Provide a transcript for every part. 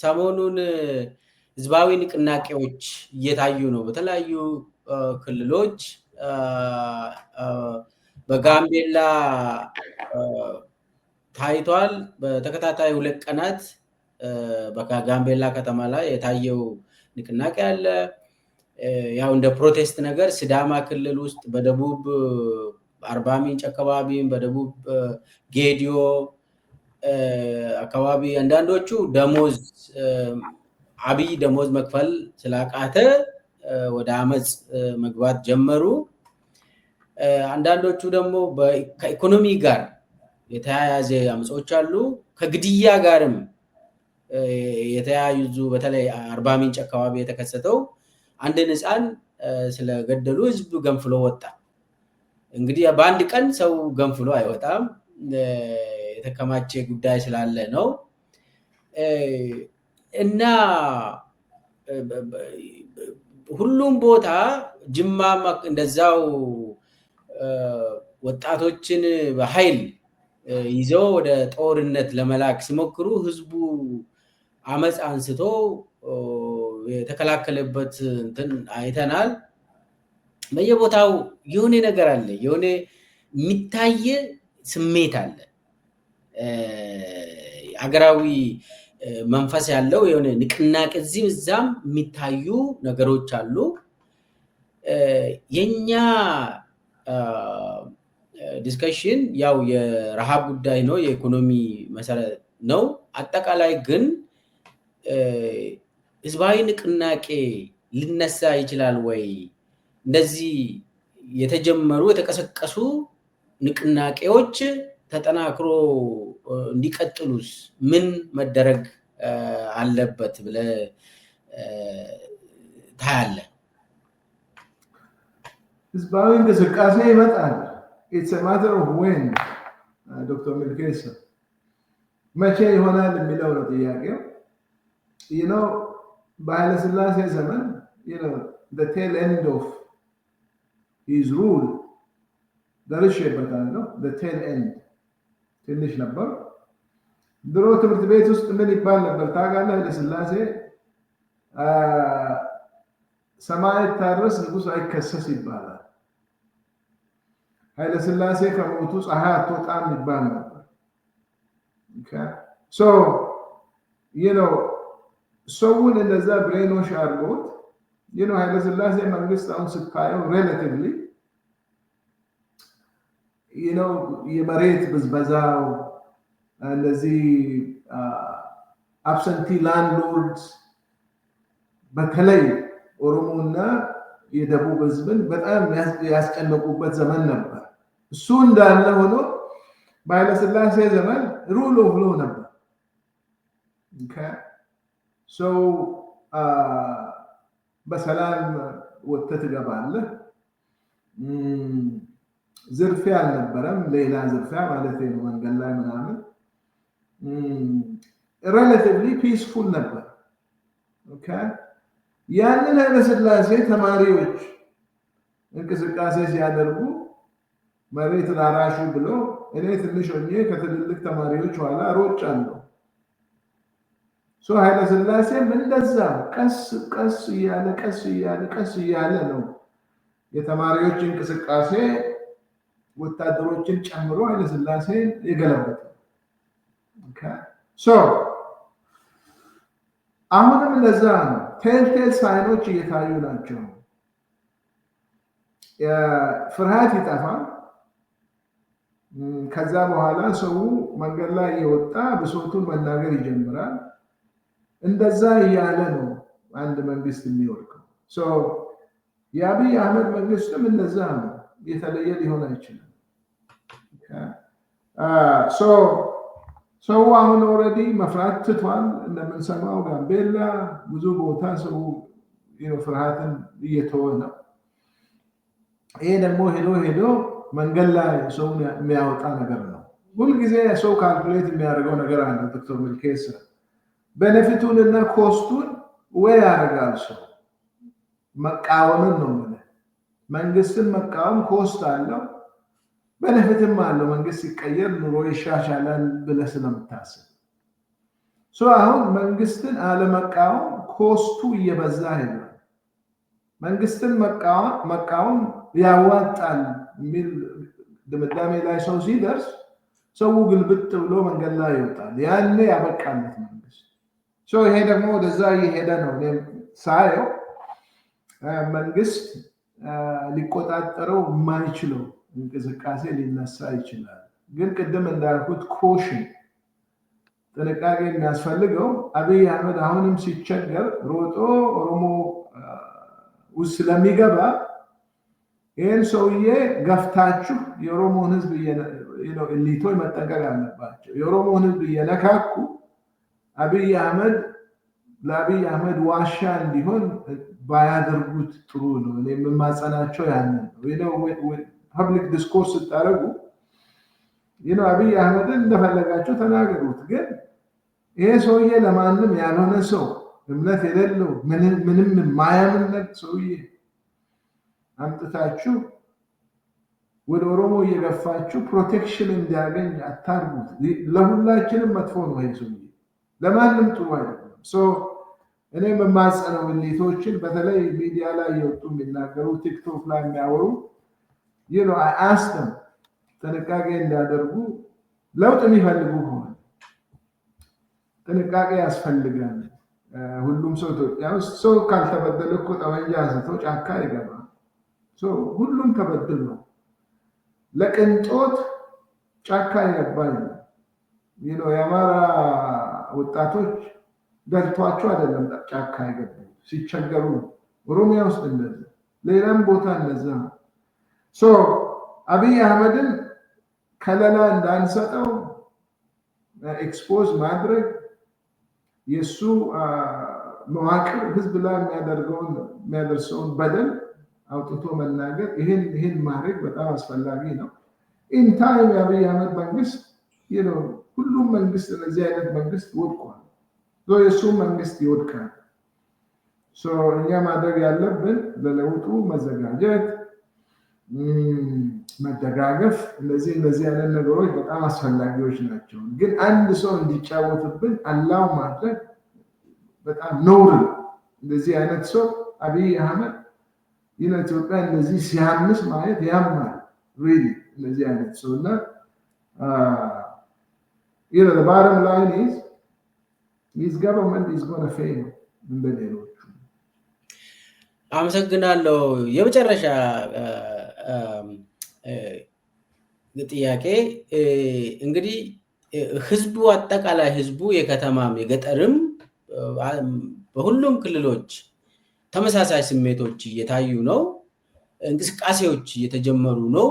ሰሞኑን ህዝባዊ ንቅናቄዎች እየታዩ ነው። በተለያዩ ክልሎች በጋምቤላ ታይቷል። በተከታታይ ሁለት ቀናት በጋምቤላ ከተማ ላይ የታየው ንቅናቄ አለ። ያው እንደ ፕሮቴስት ነገር ሲዳማ ክልል ውስጥ በደቡብ አርባ ምንጭ አካባቢም በደቡብ ጌዲዮ አካባቢ አንዳንዶቹ ደሞዝ አብይ ደሞዝ መክፈል ስላቃተ ወደ አመፅ መግባት ጀመሩ። አንዳንዶቹ ደግሞ ከኢኮኖሚ ጋር የተያያዘ አመፆች አሉ። ከግድያ ጋርም የተያያዙ በተለይ አርባ ምንጭ አካባቢ የተከሰተው አንድን ህፃን ስለገደሉ ህዝብ ገንፍሎ ወጣ። እንግዲህ በአንድ ቀን ሰው ገንፍሎ አይወጣም። የተከማቸ ጉዳይ ስላለ ነው እና ሁሉም ቦታ ጅማም እንደዛው ወጣቶችን በኃይል ይዘው ወደ ጦርነት ለመላክ ሲሞክሩ ህዝቡ አመፅ አንስቶ የተከላከለበት እንትን አይተናል። በየቦታው የሆነ ነገር አለ፣ የሆነ የሚታየ ስሜት አለ። ሀገራዊ መንፈስ ያለው የሆነ ንቅናቄ እዚህም እዛም የሚታዩ ነገሮች አሉ። የኛ ዲስከሽን ያው የረሃብ ጉዳይ ነው፣ የኢኮኖሚ መሰረት ነው። አጠቃላይ ግን ህዝባዊ ንቅናቄ ሊነሳ ይችላል ወይ? እንደዚህ የተጀመሩ የተቀሰቀሱ ንቅናቄዎች ተጠናክሮ እንዲቀጥሉስ ምን መደረግ አለበት ብለህ ታያለህ? ህዝባዊ እንቅስቃሴ ይመጣል። ኢትስ ማተር ኦፍ ዌን። ዶክተር ሚልኬሳ መቼ ይሆናል የሚለው ነው ጥያቄው። ነው በኃይለስላሴ ዘመን ቴል ኤንድ ኦፍ ሂዝ ሩል ደርሼበታለሁ። ቴል ኤንድ ትንሽ ነበር። ድሮ ትምህርት ቤት ውስጥ ምን ይባል ነበር ታውቃለህ? ኃይለሥላሴ ሰማይ አይታረስ ንጉሥ አይከሰስ ይባላል። ኃይለሥላሴ ከሞቱ ፀሐይ አትወጣም ይባል ነበር። ሰውን እነዛ ብሬኖች አርጎት ኃይለሥላሴ መንግስት አሁን ስታየው ሬላቲቭሊ ነው የመሬት ብዝበዛው፣ እነዚህ አብሰንቲ ላንድሎርድ በተለይ እና የደቡብ ህዝብን በጣም ያስጨነቁበት ዘመን ነበር። እሱ እንዳለ ሆኖ በኃይለስላሴ ዘመን ሩሎ ብሎ ነበር። ሰው በሰላም ወጥተህ ትገባለህ። ዝርፊያ አልነበረም። ሌላ ዝርፊያ ማለት ነው መንገድ ላይ ምናምን ሬላቲቭሊ ፒስፉል ነበር። ያንን ኃይለሥላሴ ተማሪዎች እንቅስቃሴ ሲያደርጉ መሬት ላራሹ ብሎ እኔ ትንሽ ሆኜ ከትልልቅ ተማሪዎች ኋላ ሮጫለሁ። ኃይለሥላሴም እንደዛ ቀስ ቀስ እያለ ቀስ እያለ ቀስ እያለ ነው የተማሪዎች እንቅስቃሴ ወታደሮችን ጨምሮ ኃይለስላሴን የገለበጠ አሁንም ለዛ ነው ቴልቴል ሳይኖች እየታዩ ናቸው። ፍርሃት ይጠፋል። ከዛ በኋላ ሰው መንገድ ላይ እየወጣ ብሶቱን መናገር ይጀምራል። እንደዛ እያለ ነው አንድ መንግስት የሚወድቀው። የአብይ አህመድ መንግስትም እንደዛ ነው። የተለየ ሊሆን አይችልም። uh, ሰው አሁን ኦልሬዲ መፍራት ትቷል። እንደምንሰማው ጋምቤላ ብዙ ቦታ ሰው ፍርሃትን እየተወ ነው። ይሄ ደግሞ ሄዶ ሄዶ መንገድ ላይ ሰው የሚያወጣ ነገር ነው። ሁልጊዜ ሰው ካልኩሌት የሚያደርገው ነገር አለ። ዶክተር ሚልኬሳ ቤኔፊቱን እና ኮስቱን ወይ ያደርጋል ሰው መቃወምን ነው መንግስትን መቃወም ኮስት አለው፣ በነፍትም አለው። መንግስት ሲቀየር ኑሮ ይሻሻላል ብለህ ስለምታስብ አሁን መንግስትን አለመቃወም ኮስቱ እየበዛ ሄደ። መንግስትን መቃወም ያዋጣል የሚል ድምዳሜ ላይ ሰው ሲደርስ ሰው ግልብጥ ብሎ መንገድ ላይ ይወጣል። ያኔ ያበቃለት መንግስት። ይሄ ደግሞ ወደዛ እየሄደ ነው ሳየው መንግስት ሊቆጣጠረው የማይችለው እንቅስቃሴ ሊነሳ ይችላል። ግን ቅድም እንዳልኩት ኮሽን ጥንቃቄ የሚያስፈልገው አብይ አህመድ አሁንም ሲቸገር ሮጦ ኦሮሞ ውስጥ ስለሚገባ ይህን ሰውዬ ገፍታችሁ የኦሮሞን ህዝብ ሊቶ መጠንቀቅ አለባቸው። የኦሮሞን ህዝብ እየነካኩ አብይ አህመድ ለአብይ አህመድ ዋሻ እንዲሆን ባያደርጉት ጥሩ ነው። እኔ የምማጸናቸው ያንን ነው። ፐብሊክ ዲስኮርስ ስታደረጉ አብይ አህመድን እንደፈለጋቸው ተናገሩት። ግን ይሄ ሰውዬ ለማንም ያልሆነ ሰው እምነት የሌለው ምንም ማያምነት ሰውዬ አምጥታችሁ ወደ ኦሮሞ እየገፋችሁ ፕሮቴክሽን እንዲያገኝ አታርጉት። ለሁላችንም መጥፎ ነው። ይሄ ሰውዬ ለማንም ጥሩ አይደለም። እኔ የምማጸነው እሌቶችን በተለይ ሚዲያ ላይ የወጡ የሚናገሩ ቲክቶክ ላይ የሚያወሩ ይህ ነው አያስተም ጥንቃቄ እንዲያደርጉ ለውጥ የሚፈልጉ ከሆነ ጥንቃቄ ያስፈልጋል። ሁሉም ሰው ኢትዮጵያ ውስጥ ሰው ካልተበደለ እኮ ጠመንጃ ስተው ጫካ ይገባል። ሁሉም ተበድል ነው። ለቅንጦት ጫካ የገባ ነው። የአማራ ወጣቶች ደርቷቸው አይደለም ጫካ የገቡ ሲቸገሩ ነው። ኦሮሚያ ውስጥ እንደዚ፣ ሌላም ቦታ እንደዛ ነው። ሶ አብይ አህመድን ከለላ እንዳንሰጠው ኤክስፖዝ ማድረግ የእሱ መዋቅር ህዝብ ላይ የሚያደርገውን የሚያደርሰውን በደል አውጥቶ መናገር ይህን ይህን ማድረግ በጣም አስፈላጊ ነው። ኢንታይም የአብይ አህመድ መንግስት ሁሉም መንግስት እነዚህ አይነት መንግስት ወድቋል። የእሱ መንግስት ይወድቃል። እኛ ማድረግ ያለብን ለለውጡ መዘጋጀት፣ መደጋገፍ፣ እነዚህ እነዚህ አይነት ነገሮች በጣም አስፈላጊዎች ናቸው። ግን አንድ ሰው እንዲጫወትብን አላው ማድረግ በጣም ነውር ነው። እንደዚህ አይነት ሰው አብይ አህመድ ይህን ኢትዮጵያ እንደዚህ ሲያምስ ማየት ያማል። ሪሊ እንደዚህ አይነት ሰው እና ባረም ላይን ኢዝ His government is going to fail እንደሌሎቹ። አመሰግናለሁ። የመጨረሻ ጥያቄ እንግዲህ ህዝቡ አጠቃላይ ህዝቡ የከተማም የገጠርም በሁሉም ክልሎች ተመሳሳይ ስሜቶች እየታዩ ነው። እንቅስቃሴዎች እየተጀመሩ ነው።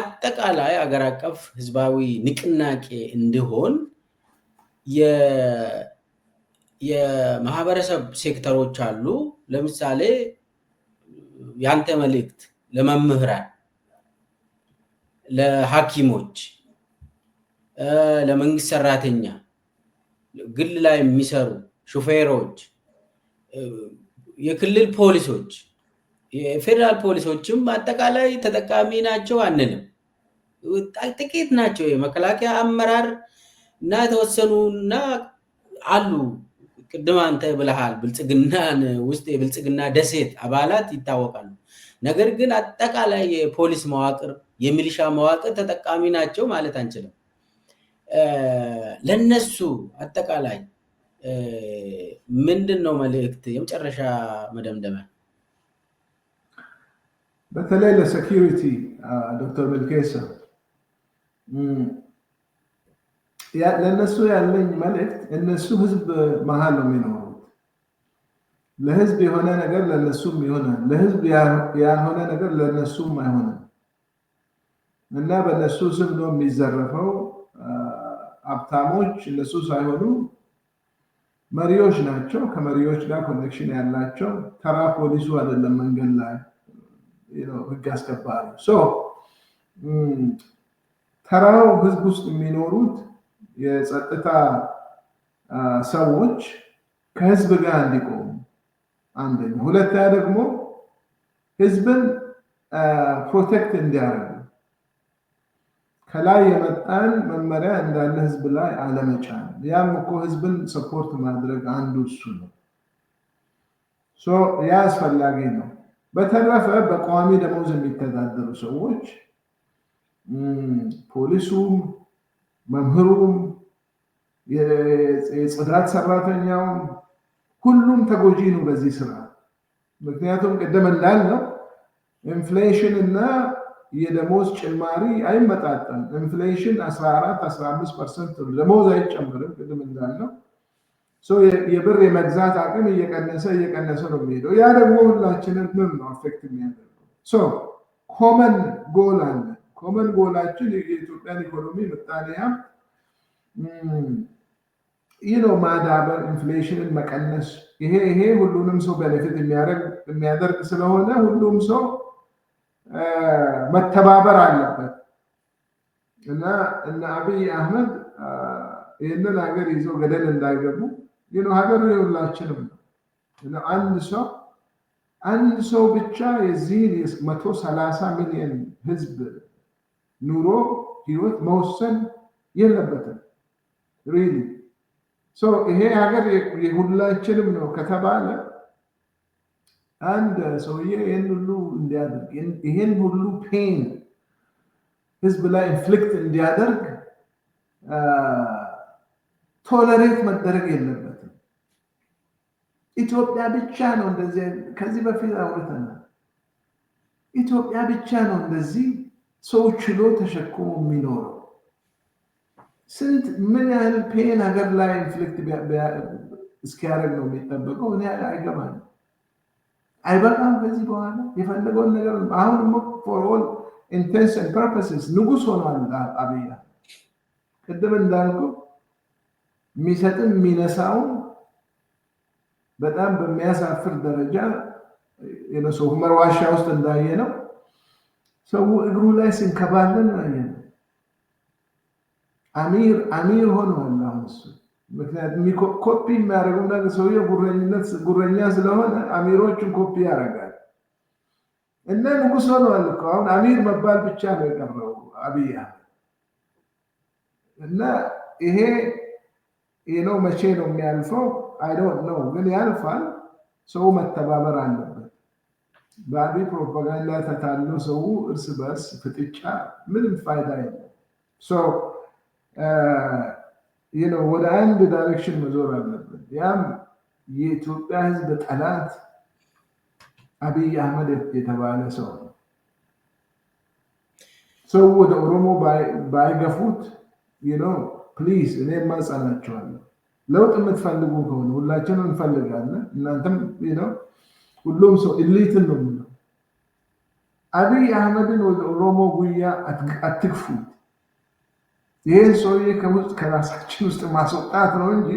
አጠቃላይ አገር አቀፍ ህዝባዊ ንቅናቄ እንዲሆን የማህበረሰብ ሴክተሮች አሉ። ለምሳሌ ያንተ መልእክት ለመምህራን፣ ለሐኪሞች፣ ለመንግስት ሰራተኛ፣ ግል ላይ የሚሰሩ ሹፌሮች፣ የክልል ፖሊሶች፣ የፌዴራል ፖሊሶችም አጠቃላይ ተጠቃሚ ናቸው አንልም። ጥቂት ናቸው። የመከላከያ አመራር እና የተወሰኑ እና አሉ ቅድም አንተ ብለሃል፣ ብልጽግና ውስጥ የብልጽግና ደሴት አባላት ይታወቃሉ። ነገር ግን አጠቃላይ የፖሊስ መዋቅር፣ የሚሊሻ መዋቅር ተጠቃሚ ናቸው ማለት አንችልም። ለነሱ አጠቃላይ ምንድን ነው መልእክት የመጨረሻ መደምደሚያ? በተለይ ለሴኪሪቲ ዶክተር በልኬሳ ለእነሱ ያለኝ መልእክት እነሱ ህዝብ መሀል ነው የሚኖሩት። ለህዝብ የሆነ ነገር ለእነሱም ይሆናል፣ ለህዝብ ያልሆነ ነገር ለእነሱም አይሆንም እና በእነሱ ስም ነው የሚዘረፈው። ሀብታሞች እነሱ ሳይሆኑ መሪዎች ናቸው። ከመሪዎች ጋር ኮኔክሽን ያላቸው ተራ ፖሊሱ አይደለም፣ መንገድ ላይ ህግ አስከባሪ ተራው ህዝብ ውስጥ የሚኖሩት የጸጥታ ሰዎች ከህዝብ ጋር እንዲቆሙ አንደኛ፣ ሁለተኛ ደግሞ ህዝብን ፕሮቴክት እንዲያደርጉ ከላይ የመጣን መመሪያ እንዳለ ህዝብ ላይ አለመጫን፣ ያም እኮ ህዝብን ሰፖርት ማድረግ አንዱ እሱ ነው። ያ አስፈላጊ ነው። በተረፈ በቋሚ ደሞዝ የሚተዳደሩ ሰዎች ፖሊሱም መምህሩም፣ የጽዳት ሰራተኛውም ሁሉም ተጎጂ ነው በዚህ ስራ። ምክንያቱም ቅድም እንዳልነው ኢንፍሌሽን እና የደሞዝ ጭማሪ አይመጣጠም። ኢንፍሌሽን 14 15 ፐርሰንት ደሞዝ አይጨምርም። ቅድም እንዳልነው የብር የመግዛት አቅም እየቀነሰ እየቀነሰ ነው የሚሄደው። ያ ደግሞ ሁላችንን ምን ነው አፌክት የሚያደርገው። ኮመን ጎል አለ ኮመን ጎላችን የኢትዮጵያን ኢኮኖሚ ምጣኔ ሀብት ይህ ነው ማዳበር፣ ኢንፍሌሽንን መቀነስ። ይሄ ይሄ ሁሉንም ሰው ቤኔፊት የሚያደርግ ስለሆነ ሁሉም ሰው መተባበር አለበት እና እነ አብይ አህመድ ይህንን ሀገር ይዘው ገደል እንዳይገቡ ይህ ሀገር የሁላችንም ነው። አንድ ሰው አንድ ሰው ብቻ የዚህን መቶ ሰላሳ ሚሊዮን ህዝብ ኑሮ ህይወት መወሰን የለበትም። ሪሊ ይሄ ሀገር የሁላችንም ነው ከተባለ አንድ ሰውዬ ይህን ሁሉ እንዲያደርግ ይህን ሁሉ ፔን ህዝብ ላይ ኢንፍሊክት እንዲያደርግ ቶለሬት መደረግ የለበትም። ኢትዮጵያ ብቻ ነው እንደዚህ ከዚህ በፊት አውርተናል። ኢትዮጵያ ብቻ ነው እንደዚህ ሰው ችሎ ተሸክሞ የሚኖረው ስንት ምን ያህል ፔን ሀገር ላይ ኢንፍሊክት እስኪያደርግ ነው የሚጠበቀው? ምን ያህል አይገባም፣ አይበቃም። ከዚህ በኋላ የፈለገውን ነገር አሁን ሞ ፎርል ኢንቴንሽን ፐርፐስስ ንጉስ ሆኗል። አብያ ቅድም እንዳልኩ የሚሰጥም የሚነሳው በጣም በሚያሳፍር ደረጃ ሁመር ዋሻ ውስጥ እንዳየ ነው ሰው እግሩ ላይ ስንከባለን ነው። አሚር አሚር ሆኗል አሁን እሱ። ምክንያቱም ኮፒ የሚያደርገው ነገር ሰውዬው ጉረኝነት ጉረኛ ስለሆነ አሚሮችን ኮፒ ያደርጋል እና ንጉስ ሆኗል እኮ አሁን አሚር መባል ብቻ ነው የቀረው አብይ እና ይሄ ይህ ነው። መቼ ነው የሚያልፈው? አይዶንት ነው ግን ያልፋል። ሰው መተባበር አለበት። በአንዴ ፕሮፓጋንዳ ተታለው ሰው እርስ በርስ ፍጥጫ ምንም ፋይዳ የለም። ወደ አንድ ዳይሬክሽን መዞር አለብን። ያም የኢትዮጵያ ሕዝብ ጠላት አብይ አህመድ የተባለ ሰው ነው። ሰው ወደ ኦሮሞ ባይገፉት ነው። ፕሊዝ እኔ ማጸናቸዋለሁ። ለውጥ የምትፈልጉ ከሆነ ሁላችንም እንፈልጋለን። እናንተም ነው ሁሉም ሰው ኢሊትን ነው የምለው። አብይ አህመድን ወደ ኦሮሞ ጉያ አትግፉት። ይህን ሰውዬ ከውስጥ ከራሳችን ውስጥ ማስወጣት ነው እንጂ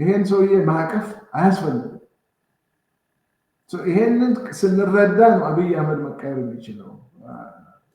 ይሄን ሰውዬ ማዕቀፍ አያስፈልግም። ይሄንን ስንረዳ ነው አብይ አህመድ መቀየር የሚችለው።